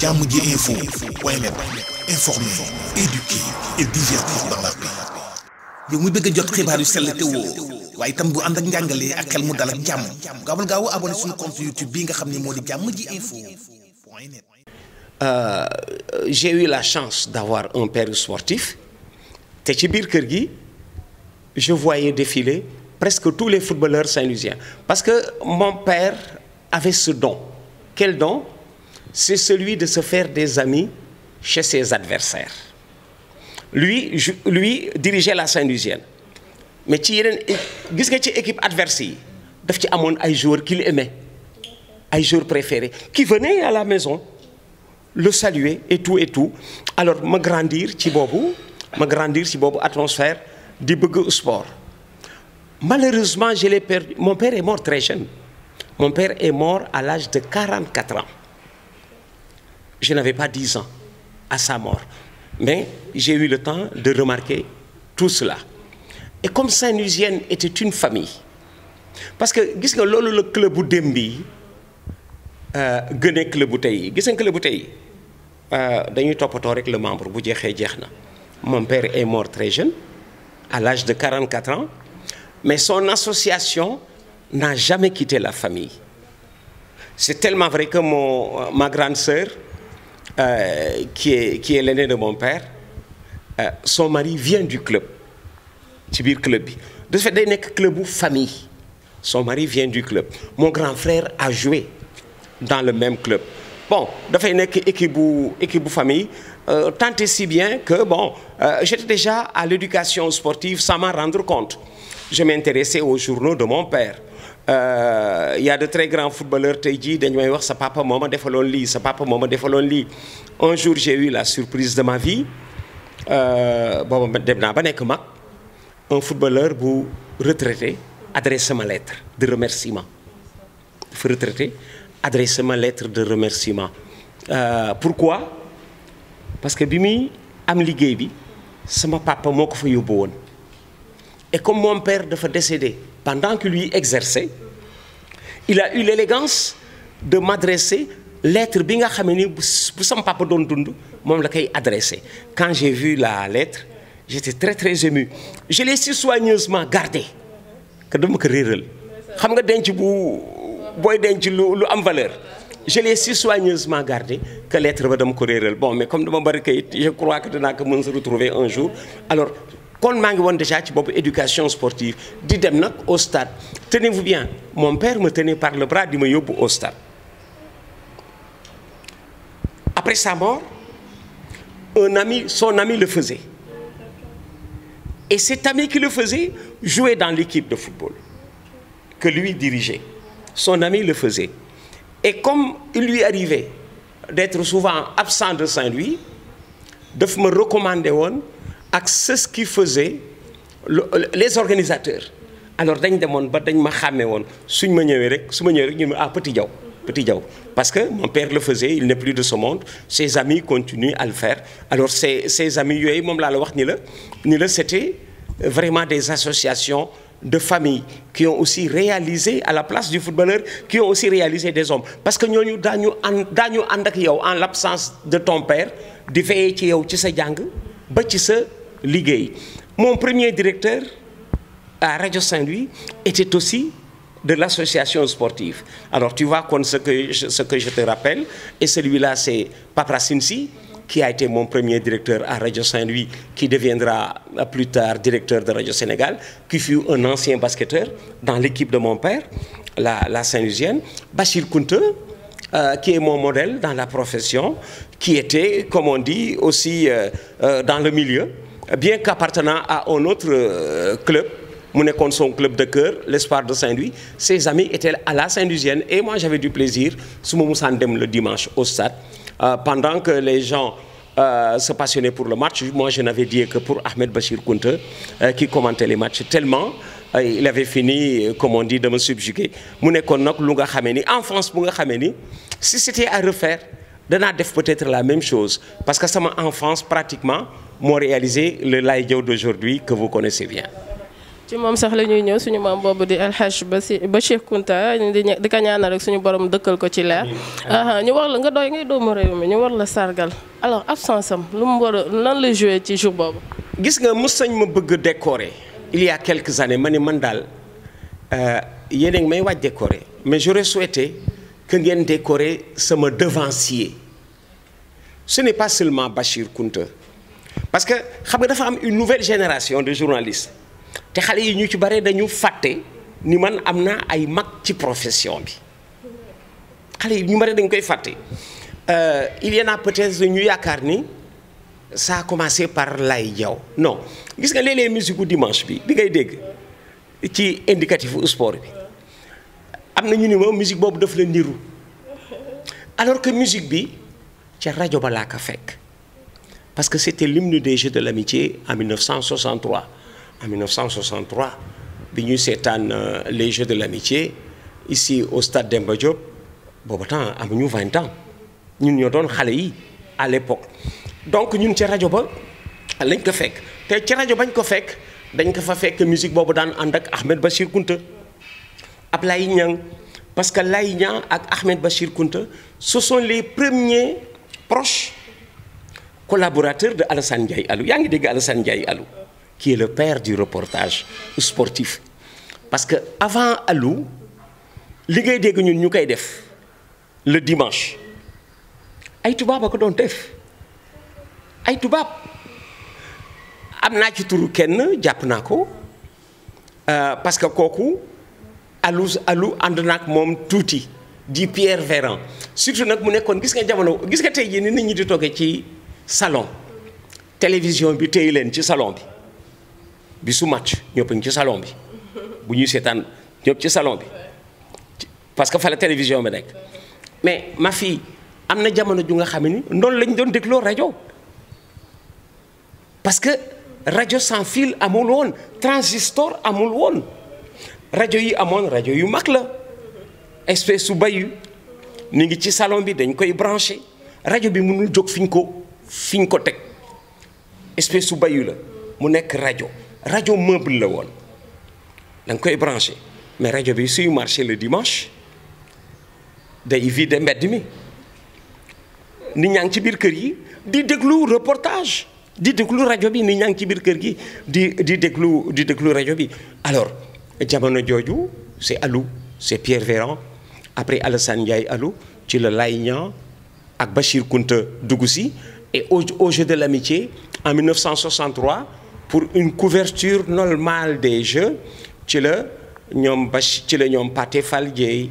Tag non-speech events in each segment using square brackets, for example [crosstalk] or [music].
jàmm ji info point net informer, éduquer et divertir dans la paix. yow mi bëgg jot xibaar yu sell te woo waaye itam bu ànd ak njàngalee ak xel mu dal ak jàmm gaawal gaaw abonné suñu compte YouTube bii nga xam ne moo di jàmm ji info point net. Euh, j'ai eu la chance d'avoir un père sportif te ci biir kër gi je voyais défiler presque tous les footballeurs saint-louisiens parce que mon père avait ce don quel don c'est celui de se faire des amis chez ses adversaires lui ju lui dirigeait la Saint-Louisienne mais ci yeneen gis nga ci équipe adverse yi daf ci amoon ay joueurs qu'il aimait ay joueurs préférés qui venaient à la maison le saluer et tout et tout alors ma grandir ci boobu ma grandir boobu atmosphère di bëgg sport malheureusement je l'ai perdu mon père est mort très jeune mon père est mort à l'âge de 44 ans je n'avais pas 10 ans à sa mort. Mais j'ai eu le temps de remarquer tout cela. Et comme Saint-Nusienne était une famille, parce que gis nga loolu la club bu démb bi euh, gënee club bu tey yi gis nga bu tey euh, dañuy toppatoo rek le membre bu jeexee jeex na. Mon père est mort très jeune, à l'âge de quarante quatre ans, mais son association n'a jamais quitté la famille. C'est tellement vrai que mon, ma grande sœur euh, qui est qui est l'aîné de mon père euh, son mari vient du club ci biir club bi de fait day nekk club bu famille son mari vient du club mon grand frère a joué dans le même club bon dafay nekk équipe bu équipe bu famille euh, tant et si bien que bon euh, j'étais déjà à l'éducation sportive sans m'en rendre compte je m'intéressais aux journaux de mon père Euh, y a de très grands footballeurs tey jii dañu may wax sa papa moo ma defaloon lii sa papa moo a defaloon lii un jour j'ai eu la surprise de ma vie euh, booba dem naa ba nekk mag un footballeur bu retraité adressé sama lettre de remerciement dafa retraité adressé ma lettre de remerciement euh, pourquoi parce que bi muy am liggéey bi sama papa moo ko fa yóbbu woon et comme mon père dafa décédé pendant qu'il lui exerçait il a eu l'élégance de m'adresser lettre bi nga xamee ni bu sama papa doon dund moom la koy adressé quand j'ai vu la lettre j'étais très très ému je l'ai si soigneusement gardée que dama ko réeral xam nga denc bu booy denc lu lu am valeur je l'ai si soigneusement gardée que lettre ba dama ko réeral bon mais comme dama bari kayit je crois que dinaa ko mën se retrouver un jour alors kon maa ngi woon déjà ci boobu éducation sportive di dem nag au stade tenez-vous bien mon père me tenait par le bras di ma yóbbu au stade après sa mort son ami le faisait et cet ami qui le faisait jouait dans l'équipe de football que lui dirigeait son ami le faisait et comme il lui arrivait d'être souvent absent de Saint-Louis daf ma recommander woon ak ce qui faisait les organisateurs alors dañ demoon ba dañ ma xàmmee woon suñ ma ñëwee rek su ma ñëwee rek ñu ne ah Petit jaw Petit Diaw parce que mon père le faisait il n'est plus de ce monde ses amis continuent à le faire alors ses ses amis yooyu moom laa la wax ni la ni la c'était vraiment des associations de familles qui ont aussi réalisé à la place du footballeur qui ont aussi réalisé des hommes parce que ñooñu daañu ànd daañu ànd ak yow en l'absence de ton père di veiller ci yow ci sa jàng liggéey mon premier directeur à Radio Saint-Louis était aussi de l'association sportive alors tu vois kon ce que je, ce que je te rappelle et celui-là c'est Papa Sinsi qui a été mon premier directeur à Radio Saint-Louis qui deviendra plus tard directeur de Radio Sénégal qui fut un ancien basketteur dans l'équipe de mon père la la Saint-Louisienne Bachir Kounte euh, qui est mon modèle dans la profession qui était comme on dit aussi euh, euh dans le milieu bien qu'appartenant à un autre euh, club mu nekkoon son club de cœur l'espoir de Saint-Louis ses amis étaient à la Saint-Louisienne et moi j'avais du plaisir su ma musaan dem le dimanche au stade euh, pendant que les gens euh, se passionnaient pour le match moi je n'avais dit que pour Ahmed Bachir Kounta euh, qui commentait les matchs tellement euh, il avait fini euh, comme on dit de me subjuguer mu nekkoon nag lu nga xamee ni en France bu nga xamee ni si c'était à refaire danaa def peut-être la même chose parce que sama enfance pratiquement moo réalisé le de Diaw d'aujourd'hui que vous connaissez bien. ci moom sax la ñuy ñëw suñu maam boobu di alxaj Bachir Kounta di ka ñaanal rek suñu borom dëkkal ko ci leer ah, ñu war la nga doy ngay doomu réew mi ñu war la sargal alors absence am lu mu war a lan la joué ci jour boobu gis nga mu sañ ma bëgg décorer il y a quelques années ma ne man daal euh, yéen may waaj décorer mais j'aurais que ngeen décorer sama devancier ce n'est pas seulement Bachir Kounta parce que xam nga dafa am une nouvelle génération de journalistes te xale yi ñu ci bare dañu fàtte ni man am na ay mag ci profession bi xale yi ñu bare dañ koy fàtte euh, il y en a peut-être ñu yaakaar ni saa a commencé par Lay Diaw non gis nga léeg-léeg musique dimanche bi bi ngay dégg ci indicatif sport bi am na ñu ni moom musique boobu dafa la niru alors que musique bi ca rajo ba laa ko fekk parce que c'était l'hymne des Jeux de l'amitié en 1963 en 1963 bi ñuy seetaan euh, les Jeux de l'amitié ici au stade Demba Diop booba temps am ñu vingt ans ñun ñoo doon xale yi à l'époque donc ñun ca rajo ba lañ ko fekk te ca rajo bañ ko fekk dañ ko fa fekk musique boobu daan ànd ak Ahmed Bachir Kounta Ablaye Niang parce que lay Niang ak Ahmed Bachir Kounta ce sont les premier proche collaborateurs de Alassane Ndiaye Alou yaa ngi dégg Alassane Ndiaye Alou kii est le père du reportage sportif parce que avant Alou li ngay dégg ñun ñu koy def le dimanche ay tubaab a ko doon def ay tubaab am naa ci turu kenn jàpp naa ko euh, parce que kooku alu alu ànd naag moom tuuti di Pierre Véran surtout nag mu nekkoon gis nga jamono gis nga tey jii ni nit ñi di toggee ci salon télévision bi tey leen ci salon bi bi su match ñëpp ci salon bi bu ñuy seetaan ñëpp ci salon bi parce que fa la télévision bi nekk mais ma fii am na jamono ju nga xam ni noonu lañ doon dégloo rajo parce que rajo sans fil amul woon transistor amul woon. rajo yi amoon rajo yu mag la espèce su bayu mi ngi ci salon bi dañ koy branché rajo bi mënul jóg fi ñu ko fi ñu ko teg espèce su bayu la mu nekk rajo rajo meuble la woon da koy branché mais rajo bi suy marché le dimanche day vide mbedd mi nit ñaa ngi ci biir kër yi di déglu reportage di déglu rajo bi nit ñaa ngi ci biir kër gi di di déglu di déglu rajo bi alors jamono jooju c' est Alou c' est Pierre Véran après Alassane Ndiaye aloo ci la lay Niang ak Bachir Kounta dugg si et au au jeu de l' amitié en 1963 pour une couverture normale des jeux ci la ñoom Bach ci la ñoom Pathé Fall Dieye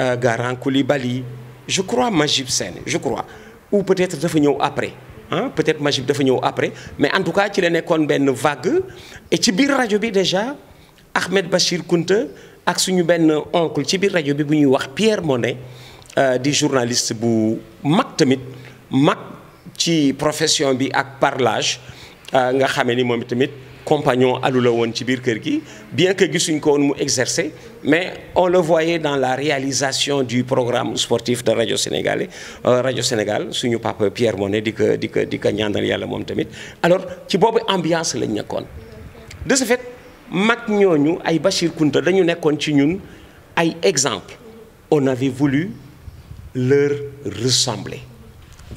euh, Garan Coulibaly je crois Magib Sène je crois ou peut-être dafa ñëw après ah peut-être Magib dafa ñëw après mais en tout cas ci la nekkoon benn vague et ci biir rajo bi déjà. Ahmed Bachir Kounta ak suñu benn oncle ci biir rajo bi bu ñuy wax Pierre Monet euh, di journaliste bu mag tamit mag ci profession bi ak parlage euh, nga xamee ni moom tamit compagnon alu woon ci biir kër gi bien que gisuñ ko mu exercer mais on le voyait dans la réalisation du programme sportif de rajo sénégalais euh, rajo Sénégal suñu papa Pierre Monet di ko di ko di ko ñaanal yàlla moom tamit alors ci boobu ambiance lañ nekkoon mag ñooñu ay Bachir Kounta dañu nekkoon ci ñun ay exemple on avait voulu leur ressembler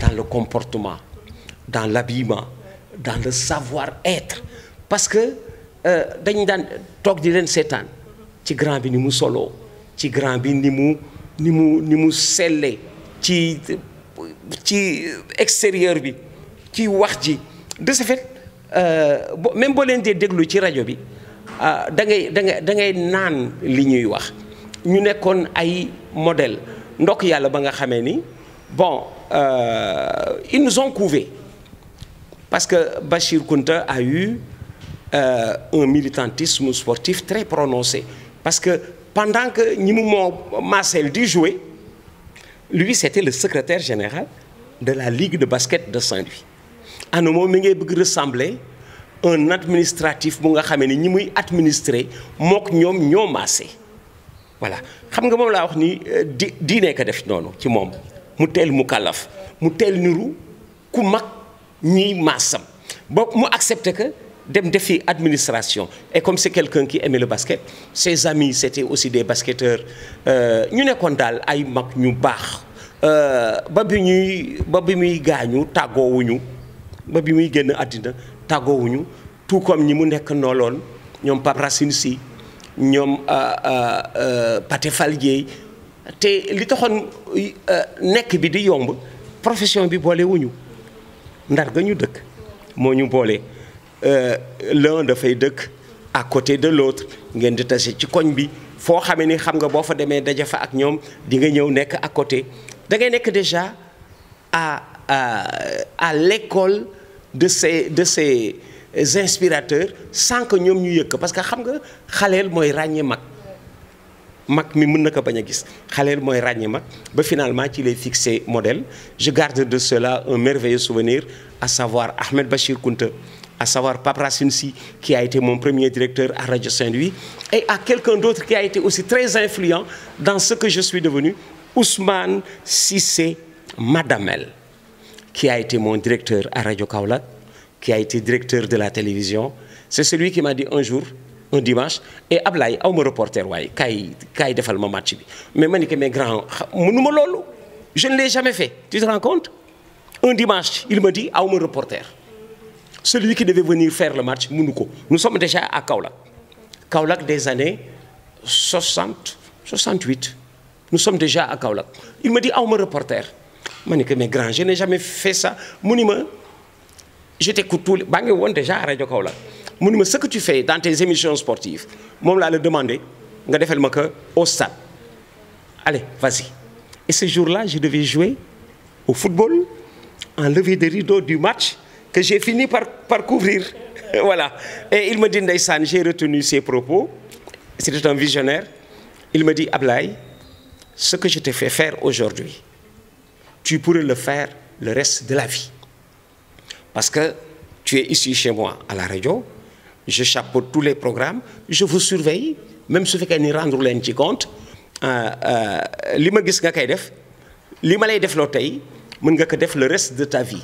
dans le comportement dans l'habillement dans le savoir-être parce que euh, dañu daan toog di leen seetaan ci grand bi ni mu soloo ci grand bi ni mu ni mu ni mu selle ci ci extérieur bi ci wax ji de ce fait euh, même boo leen dee déglu ci rajo bi Ah, da ngay da ngay da ngay naan li ñuy wax ñu nekkoon ay modèle ndokk yàlla ba nga xamee ni bon euh, ils nous ont couvés parce que Bachir Kounta a eu euh, un militantisme sportif très prononcé parce que pendant que ñi mu moo Marcel di jouer lui c'était le secrétaire général de la Ligue de basket de Saint-Louis ana moom mi ngay bëgg ressembler un administratif bu nga xamee ni ñi muy administrer mook ñoom ñoo maase voilà xam nga moom laa wax nii euh, di diine ko def noonu ci moom mu teel mu kàllaf mu teel niru ku mag ñiy maasam ba mu accepté que dem defi administration et comme c'est quelqu'un qui aimait le basket ses amis c'était aussi des basketteurs euh, ñu nekkoon daal ay mag ñu baax euh, ba bi ñuy ba bi muy gaañu tàggoowuñu ba bi muy génn àddina tàggoowuñu tout comme ñi mu nekk nooloon ñoom Pape Racine Sy ñoom euh, euh, euh, Pathé Fall Dieye te li taxoon nekk bi di yomb profession bi boolewuñu ndar ga ñu dëkk moo ñu boole l'un dafay dëkk à côté de l'autre ngeen di tase ci koñ bi foo xamee ni xam nga boo fa demee daje fa ak ñoom di nga ñëw nekk ak côté da ngay nekk déjà a à à l'école de ces de ces inspirateurs sans que ñoom ñu yëg ko parce que xam nga xaleel mooy ràññee mag mag mi mun na ko bañ a gis xaleel mooy ràññee mag ba finalement ci lay fixé modèle je garde de cela un merveilleux souvenir à savoir Ahmed Bachir Kounta à savoir Pape Racine Sy qui a été mon premier directeur à Radio Saint-Louis et à quelqu'un d'autre qui a été aussi très influent dans ce que je suis devenu Ousmane Cissé Madamel qui a été mon directeur à Radio Kaolack, qui a été directeur de la télévision. C'est celui qui m'a dit un jour, un dimanche, et eh, Ablaye, aw ma reporter waaye kaay kaay defal ma match bi mais ma ni que mes grands mënuma loolu je ne l'ai jamais fait tu te rends compte un dimanche il me dit aw ma reporter celui qui devait venir faire le match mënu ko nous sommes déjà à Kaolack Kaolack des années 60 68 nous sommes déjà à Kaolack il me dit aw ma reporter ma ne que mais grand je n'ai jamais fait ça mu ma je t'écoute tous les baa ngi won déjà rajo kaw la mu ni ma ce que tu fais dans tes émissions sportives moom laa la demandé nga defal ma que au stade allez vas-y et ce jour-là je devais jouer au football en levée de rideau du match que j'ai fini par par couvrir [laughs] voilà et il me dit ndeysaan j'ai retenu ses propos c'était un visionnaire il me dit Ablaye ce que je t'ai fait faire aujourd'hui tu pourrais le faire le reste de la vie. Parce que tu es ici chez moi à la radio, je chapeaute tous les programmes, je vous surveille, même su fekkee ni rendre leen ci compte euh, euh, li ma gis nga koy def li ma lay def loo tey mën nga ko def le reste de ta vie.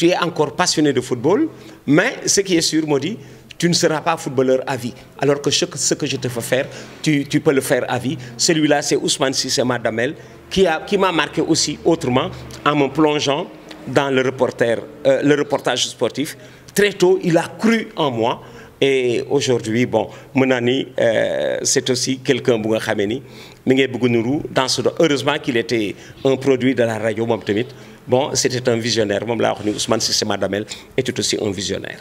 Tu es encore passionné de football, mais ce qui est sûr moo di tu ne seras pas footballeur à alors que ce que je te fais faire tu tu peux le faire à vie celui-là c'est Ousmane Cissé Madamel qui a qui m'a marqué aussi autrement en me plongeant dans le reporter euh, le reportage sportif très tôt il a cru en moi et aujourd'hui bon mën naa ni euh, c'est aussi quelqu'un bu nga xamee ni mi ngay bëgg nuru dans ce heureusement qu'il était un produit de la rajo moom tamit bon c'était un visionnaire moom la wax ni Ousmane Cissé Madamel était aussi un visionnaire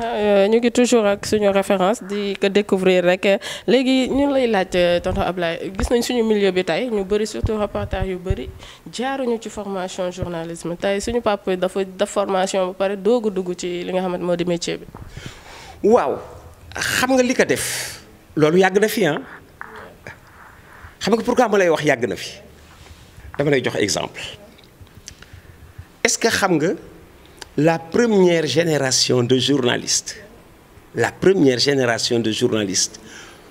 Euh, ñu ngi toujours ak suñu référence di ko découvrir rek léegi ñu lay laaj euh, tonton Ablaye gis nañ suñu milieu bi tey ñu bëri surtout reportage yu bëri jaaruñu ci formation journalisme tey suñu papa dafa def formation ba pare doogu dugg ci li nga xamante moo di métier bi. waaw xam nga li ko def loolu yàgg na fi ah xam nga pourquoi ma lay wax yàgg na fi dama lay jox exemple est-ce que xam nga. la première génération de journalistes, la première génération de journalistes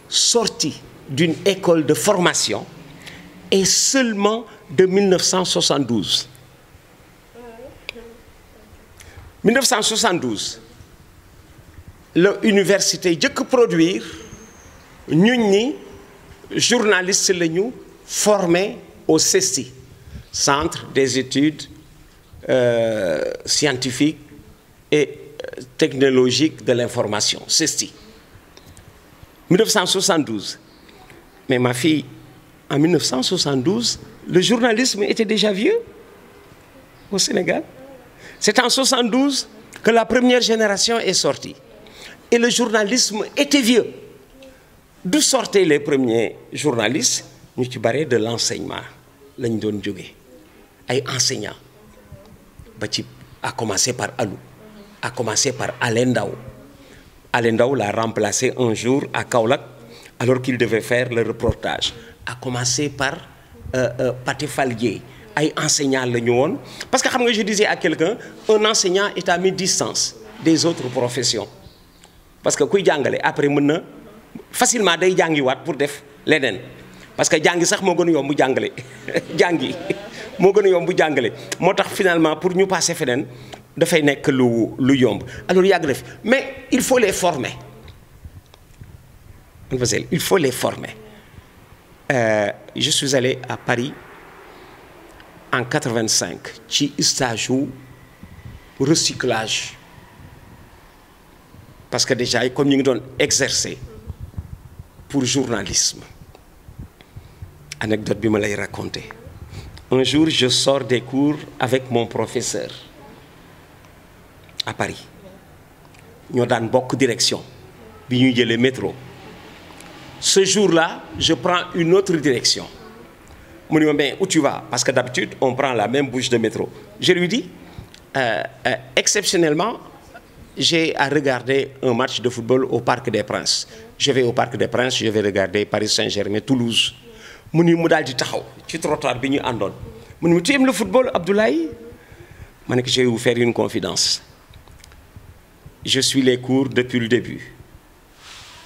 sortis d'une école de formation est seulement de 1972. 1972 la université jëkk produire ñun ñi journaliste la ñu formé au CESTI, Centre des études euh, scientifique et euh, technologique de l'information CESTI 1972 mais ma fille en 1972 le journalisme était déjà vieux au Sénégal c'est en 72 que la première génération est sortie et le journalisme était vieux d'où sortaient les premiers journalistes ñu ci bare de l'enseignement lañ doon jóge ay ba ci à commencer par Alou a commencé par Alain Ndao Alain Ndao l'a remplacé un jour à Kaolack alors qu'il devait faire le reportage à commencer par euh, euh, Pathé Fall ay enseignant la ñu woon parce que xam nga je disais à quelqu'un un enseignant est à mi-distance des autres professions parce que kuy jàngale après mën na facilement day jàngiwaat pour def leneen parce que jàngi sax moo gën a yomb jàngale [laughs] jàngi moo gën a yomb jàngale moo tax finalement pour ñu passer feneen dafay nekk lu lu yomb alors ah, yàgg na fi mais il faut les former il faut les former euh, je suis allé à Paris en 85 ci stage wu recyclage parce que déjà comme ñu ngi doon exercer pour journalisme anecdote bi ma lay raconter un jour je sors des cours avec mon professeur à Paris ñoo daan bokk direction bi ñuy jëlee métro ce jour-là je prends une autre direction mu ne ma mais où tu vas parce que d'habitude on prend la même bouche de métro je lui dis euh, euh, exceptionnellement j'ai à regarder un match de football au Parc des Princes je vais au Parc des Princes je vais regarder Paris Saint-Germain Toulouse mu ni mu daal di taxaw ci trottoir bi ñu àndoon mu ni mu tu aimes le football Abdoulaye ma ne ko je vais une confidence je suis les cours depuis le début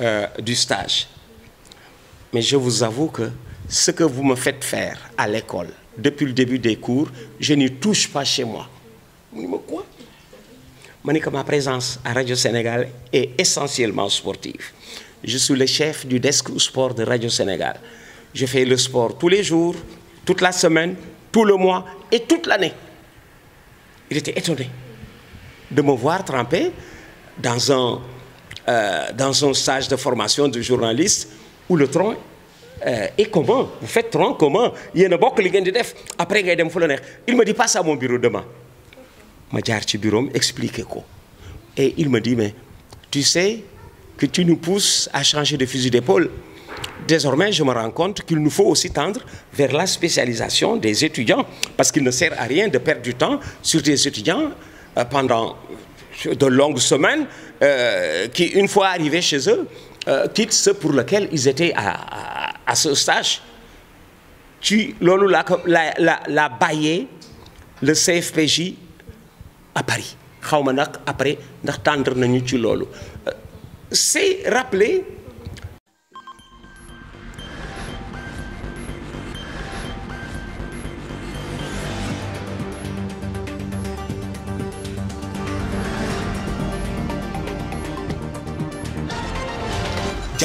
euh, du stage mais je vous avoue que ce que vous me faites faire à l'école depuis le début des cours je n'y touche pas chez moi mu ni ma quoi ma ne que ma présence à Radio Sénégal est essentiellement sportive je suis le chef du desk sport de Radio Sénégal je fais le sport tous les jours, toute la semaine, tout le mois et toute l'année. Il était étonné de me voir tremper dans un, euh, dans un stage de formation de journaliste où le tronc euh, est commun. Vous faites tronc commun. Il y a une def. Après, il Il me dit passe à mon bureau demain. Ma bureau explique quoi. Et il me dit mais tu sais que tu nous pousses à changer de fusil d'épaule. Désormais, je me rends contre qu'il nous faut aussi tendre vers la spécialisation des étudiants, parce qu'il ne sert à rien de perdre du temps sur des étudiants euh, pendant euh, de longues semaines, euh, qui, une fois arrivés chez eux, euh, quittent ce pour lequel ils étaient à, à, à ce stage. Tu, loolu laa ko la la la bàyyee le CFPJ à Paris xaw ma nag après ndax tendre nañu ci loolu euh, c'est rappeler